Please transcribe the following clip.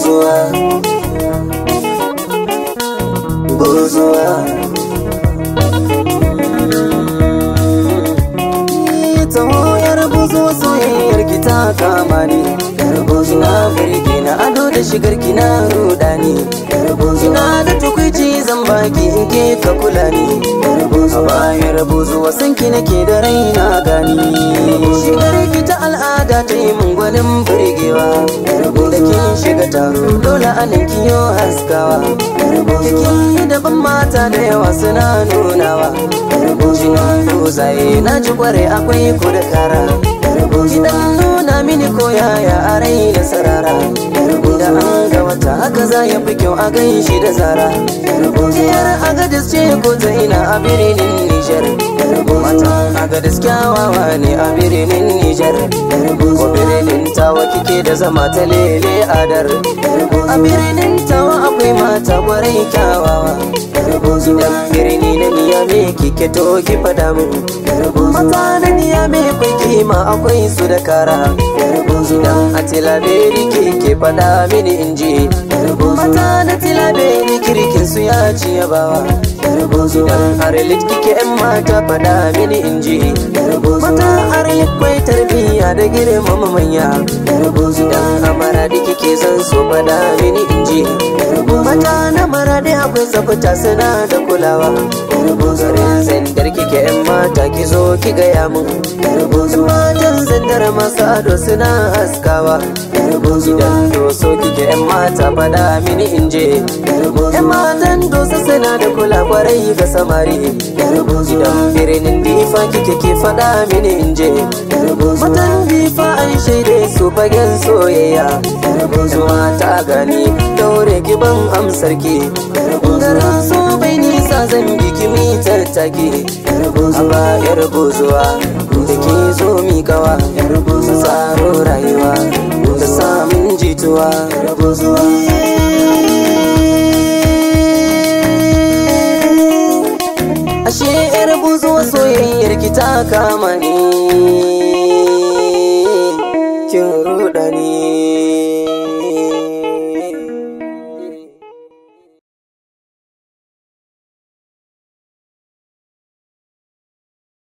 bozuwa bozuwa taho yar bozuwa soyayyar ki ta kama ni yar bozuwa birki na ado da shigar ki na rudani yar bozuwa da tukwici zan baki in ke ka kula ni yar bozuwa yar bozuwa san ki nake da raina gani shigar ki ta al'ada ta yi mun gwanin burgewa yar bozuwa an shiga taro dole ana kiyo haskawa Bikin daban mata da yawa suna nunawa Jinan tsaye na ji kware akwai ku da kara Idan nuna mini ko yaya a rai da sarara Da an ga wata haka za ya fi kyau a gan shi da zara Yar agadis ce ko ta ina a birnin Nijar Matan agadis kyawawa ne a birnin Nijar Ko birnin wa kike da zama ta lele adar a birnin tawa akwai mata gwarai kyawawa dan birni na niyame kike to ki fada min mata na niyame kwai kima akwai su da kara dan a ni kike fada mini inji mata na ni kirkin su ya ci yabawa Are Arlit kike yan mata faɗa mini in ji Yarbozo Mata Arlit mai tarbiyya da girmama manya Yarbozo Dan amara da kike zan so faɗa mini in ji Yarbozo Mata na mara da akwai tsafta suna da kulawa Yarbozo Zandar kike yan mata ki zo ki gaya mun Yarbozo Matan zandar masu ado suna askawa Yarbozo Idan doso kike yan mata faɗa mini in je Yarbozo Yan tana da kula kwarai ga samari idan birnin difa kike ke fada mini in je matan difa an shaide su fagen soyayya zuwa ta gani daure giban ki garin so bai nisa zan bi ki mi tattaki a bayar buzuwa da ke zo mi kawa tsaro rayuwa da samun jituwa ki mani